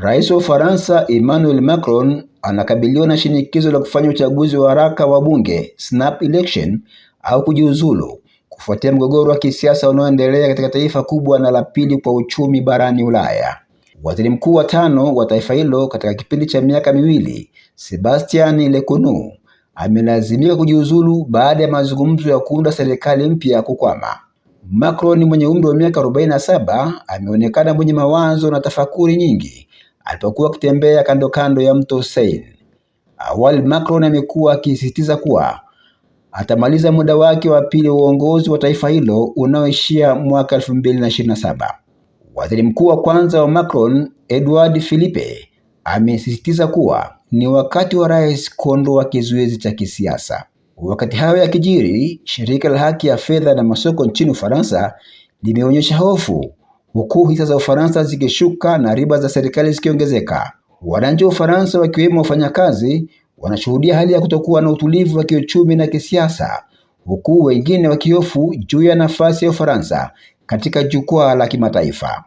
Rais wa Ufaransa Emmanuel Macron anakabiliwa na shinikizo la kufanya uchaguzi wa haraka wa bunge snap election au kujiuzulu kufuatia mgogoro wa kisiasa unaoendelea katika taifa kubwa na la pili kwa uchumi barani Ulaya. Waziri mkuu wa tano wa taifa hilo katika kipindi cha miaka miwili, Sebastian Lecornu, amelazimika kujiuzulu baada ya mazungumzo ya kuunda serikali mpya kukwama. Macron mwenye umri wa miaka 47 ameonekana mwenye mawazo na tafakuri nyingi alipokuwa akitembea kando kando ya mto Seine. Awali Macron amekuwa akisisitiza kuwa atamaliza muda wake wa pili wa uongozi wa taifa hilo unaoishia mwaka 2027. Waziri mkuu wa kwanza wa Macron, Edouard Philippe, amesisitiza kuwa ni wakati wa rais kuondoa kizuizi cha kisiasa. Wakati hayo yakijiri, shirika la haki ya fedha na masoko nchini Ufaransa limeonyesha hofu huku hisa za Ufaransa zikishuka na riba za serikali zikiongezeka. Wananchi wa Ufaransa wakiwemo wafanyakazi wanashuhudia hali ya kutokuwa na utulivu wa kiuchumi na kisiasa, huku wengine wakihofu juu ya nafasi ya Ufaransa katika jukwaa la kimataifa.